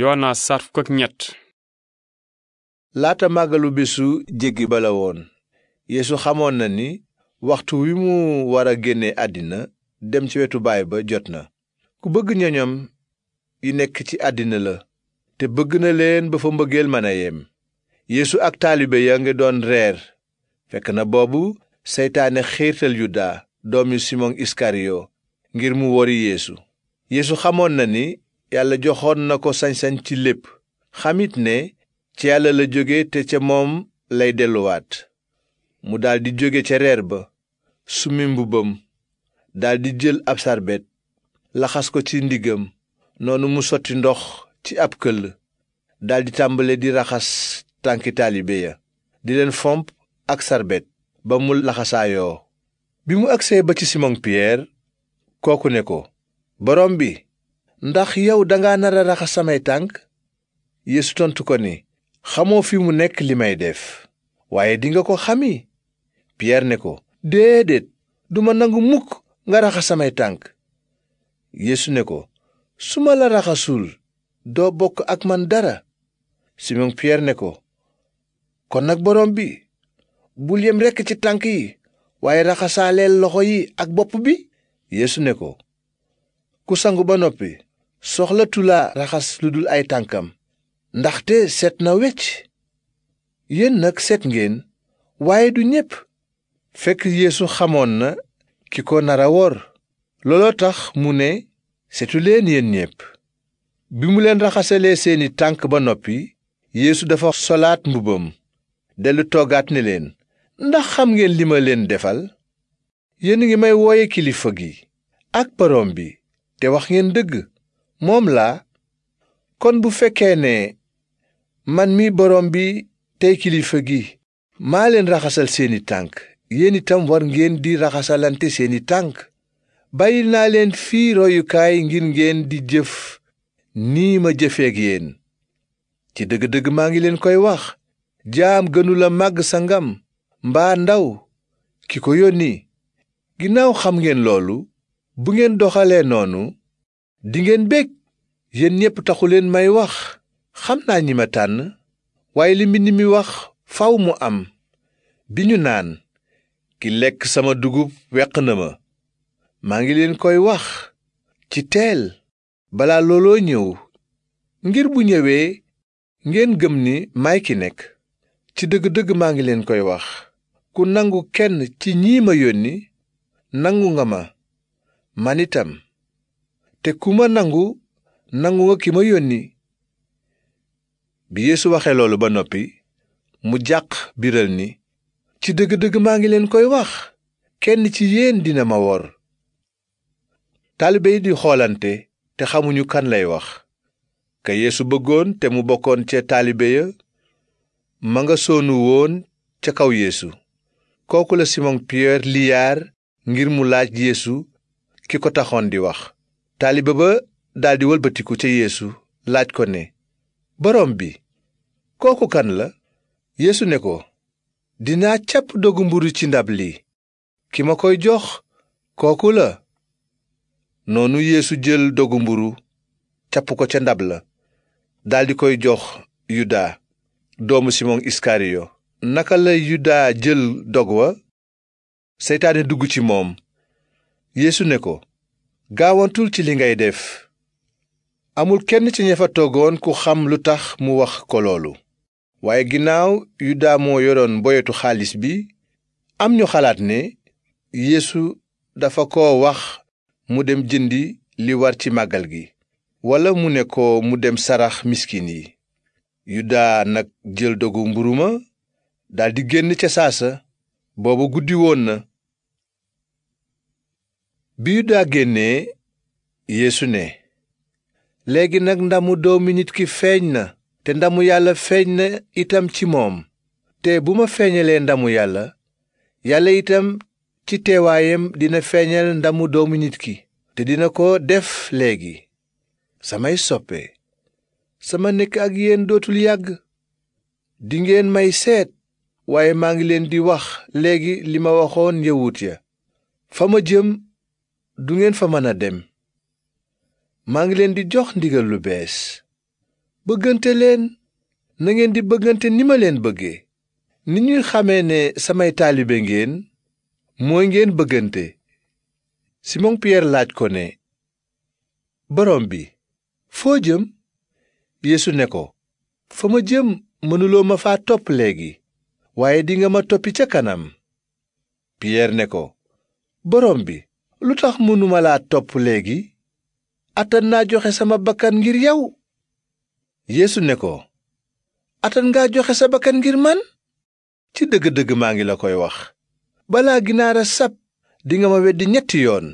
yoona sarf ko ñett laata màggalu bésu jéggi bala woon yéesu xamoon na ni waxtu wi mu war a génne àddina dem ci wetu baay ba jot na ku bëgg ñoñam yi nekk ci àddina la te bëgg na leen ba fa mbëggeel mën a yem yéesu ak taalibe ya ngi doon reer fekk na boobu seytaane xiirtal yuda doomi simon iskariyo ngir mu wori yeesu yeesu xamoon na ni yàlla joxoon na ko sañ-sañ ci lépp xamit ne ci yàlla la jóge te ca moom lay delluwaat mu daldi jóge ca reer ba summi mbubbam daldi jël ab sarbet laxas ko ci ndiggam noonu mu sotti ndox ci ab këll daldi tàmbale di raxas tànki taalibe ya di leen fomp ak sarbet ba mu laxasaayoo bi mu agsee ba ci simon piyeer kooku ne ko borom bi ndax yow danga nar a samay tànk yeesu tontu ko ni xamoo fi mu nekk li may def waaye dinga ko xami piyeer ne ko déedéet ma nangu mukk nga raxas samay tànk yeesu ne ko su ma la raxasul doo bokk ak man dara simon piyeer ne ko kon nag borom bi bul yem rekk ci tànk yi waaye raxasaaleel loxo yi ak bopp bi yeesu ne ko ku sangu ba noppi soxlatula raxas lu dul ay tànkam ndaxte seet na wecc yéen nag seet ngeen waaye du ñépp fekk yéesu xamoon na ki ko nara looloo tax mu ne setu leen yéen ñépp bi mu leen raxasalee seeni tànk ba noppi yéesu dafa solaat mbubbam dellu toggaat ne leen ndax xam ngeen li ma leen defal yéen ngi may wooye kilifa gi ak boroom bi te wax ngeen dëgg moom laa kon bu fekkee ne man mi borom bi tey kilifa gi maa leen raxasal seeni tànk yéen itam war ngeen di raxasalante seeni tànk bàyyil naa leen fii royukaay ngir ngeen di jëf nii ma jëfeeg yéen ci dëgg-dëgg maa ngi leen koy wax jaam gënula màgg sangam mbaa ndaw ki ko yónni ginnaaw xam ngeen loolu bu ngeen doxalee noonu dingeen bég yéen ñépp taxu leen may wax xam naa ñi ma tànn waaye li mbind mi wax faw mu am bi ñu naan ki lekk sama dugub weq na ma maa ngi leen koy wax ci teel balaa looloo ñëw ngir bu ñëwee ngeen gëm ni may ki nekk ci dëgg-dëgg maa ngi leen koy wax ku nangu kenn ci ñii ma yónni nangu nga ma man itam te ku ma nangu nangu ki ma yónni bi yeesu waxee loolu ba noppi mu jàq biral ni ci dëgg-dëgg maa ngi leen koy wax kenn ci yéen dina ma wor taalibe yi di xoolante te xamuñu kan lay wax ka yéesu bëggoon te mu bokkoon ca taalibe ya ma nga soonu woon ca kaw yéesu kooku la simon pierre liyaar ngir mu laaj yéesu ki ko taxoon di wax taalibe ba daldi wëlbatiku ca yéesu laaj ko ne borom bi kooku kan la yéesu ne ko dinaa capp dogu mburu ci ndab li ki ma koy jox kooku la noonu yéesu jël dogu mburu capp ko ca ndab la daldi koy jox yuda doomu simon iskariyo naka la yuda jël dog wa seytaane dugg ci moom yeesu ne ko gaawantul ci li ngay def amul kenn ci ña fa toogoon ku xam lu tax mu wax ko loolu waaye ginnaaw yudaa moo yoroon boyetu xaalis bi am ñu xalaat ne yéesu dafa ko wax mu dem jëndi li war ci màggal gi walla mu ne ko mu dem sarax miskin yi yudaa nag jël dogu mburu ma daldi génn ca saasa boobu guddi woon na bi yudaa génnee yeesu ne léegi nag ndamu doomi nit ki feeñ na te ndamu yàlla feeñ na itam ci moom te bu ma feeñalee ndamu yàlla yàlla itam ci teewaayam dina feeñal ndamu doomu nit ki te dina ko def léegi samay soppe sama nekk ak yéen dootul yàgg dingeen may seet waaye maa ngi leen di wax léegi li ma waxoon yawut ya fa ma jëm du ngeen fa mën a dem maa ngi leen di jox ndigal lu bees bëggante leen na ngeen di bëggante ni ma leen bëgge ni ñuy xamee ne samay taalibe ngeen mooy ngeen bëggante Simon Pierre laaj ko ne borom bi foo jëm Yeesu ne ko fa ma jëm mënuloo ma faa topp léegi waaye dinga ma toppi ca kanam Pierre ne ko borom bi lu tax mënuma laa topp léegi atan naa joxe sama bakkan ngir yow yéesu ne ko atan ngaa joxe sa bakkan ngir man ci dëgg-dëgg maa ngi la koy wax balaa ginaara sab dinga ma weddi ñetti yoon